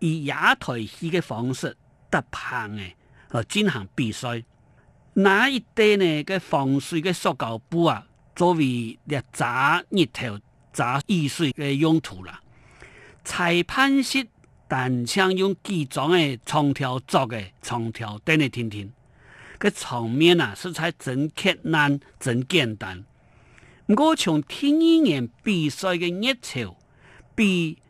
以野台戲嘅方式搭棚嘅，嚟進行比賽。那一堆呢嘅防水嘅塑膠布啊，作為熱炸熱頭炸雨水嘅用途啦。裁判室但槍用幾張嘅長條做嘅長條，等你聽聽。佢場面啊，色彩真刻難，真簡單。我從聽一年比賽嘅熱潮，比。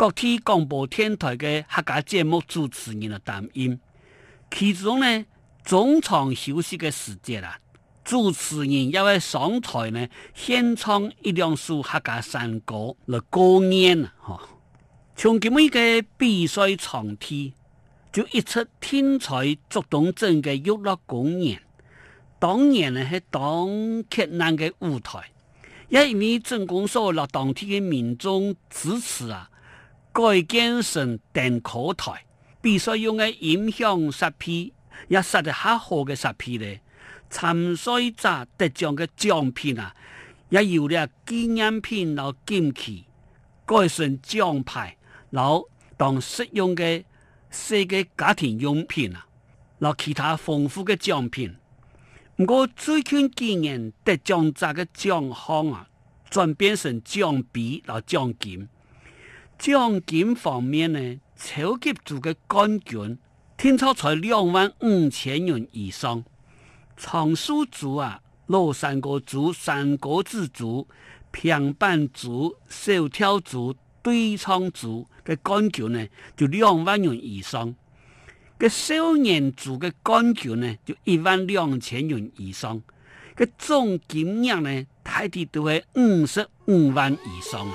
各地廣播電台嘅客家節目主持人嘅擔任，其中呢，中場休息嘅時間，啊，啦，主持人要會上台呢，先唱一兩首客家山歌來過年呐！哈，從咁樣嘅比賽場地，就一直停在竹東鎮嘅娛樂公園，當年呢係當極難嘅舞台，也因為真所說啦，當地嘅民眾支持啊。該建成等稿台，必須用嘅音響設備，一實的好好嘅設備呢？參賽者得獎嘅獎品啊，也有了紀念品，片攞堅持，該成獎牌，然後當適用嘅世界家庭用品啊，然後其他豐富嘅獎品。唔過最近幾年得獎者嘅獎項啊，轉變成獎盃攞獎金。獎金方面呢，超級組的冠軍聽說在兩萬五千元以上，藏書組啊、老山歌組、山歌子組、平板組、小跳組、對唱組的冠軍呢就兩萬元以上，嘅少年組的冠軍呢就一萬兩千元以上，嘅總金額呢大致都係五十五萬以上啊。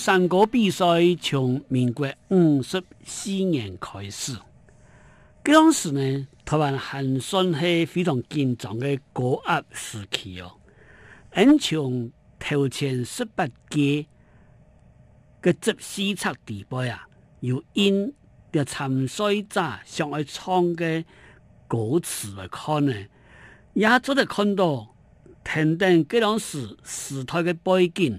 山歌比賽從民國五十四年開始，嗰時呢，台灣還算是非常緊張的高壓時期哦。像、嗯、頭前十八屆嘅集思策地步啊，要因嘅參賽者上去創嘅歌詞來看呢，也做得看到肯定嗰時時代的背景。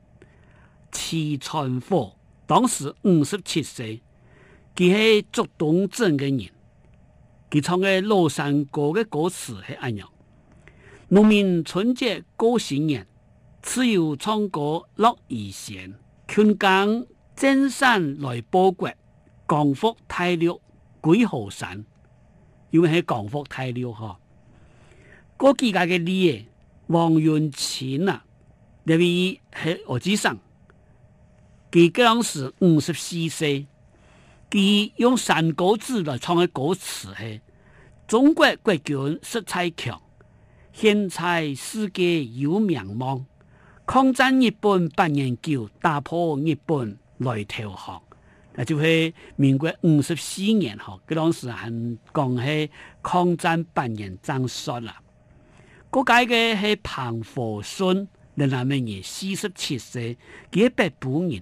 齊傳佛當時五十七歲，佢係竹東鎮嘅人。佢唱嘅《廬山歌》嘅歌詞係安樣：農民春節過新年，自由唱歌樂無限。勸耕真山來報國，廣福泰廟鬼後山，因為喺廣福泰廟哈，嗰幾屆嘅李王元琴啊，特別係我之生。佮佮當時五十四歲，佮用山歌字來創個歌詞，嘿，中國的國軍實力強，現在世界有名望，抗戰日本八年久，打破日本來投降，那就是民國五十四年，吼，佮當時還講係抗戰八年戰輸了。嗰個嘅係彭火順，你諗諗，佢四十七歲，佢一八五年。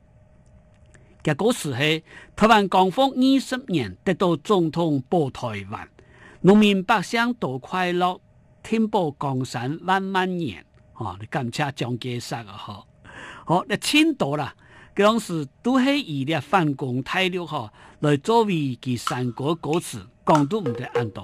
結果時候台灣光復二十年，得到總統褒台灣，農民百姓都快樂，天保江山萬萬年。哦，你感謝蔣介石啊，好，好你青島啦。嗰陣時都係以呢反攻大陸吓，來作為佢三國歌詞講都唔得安到。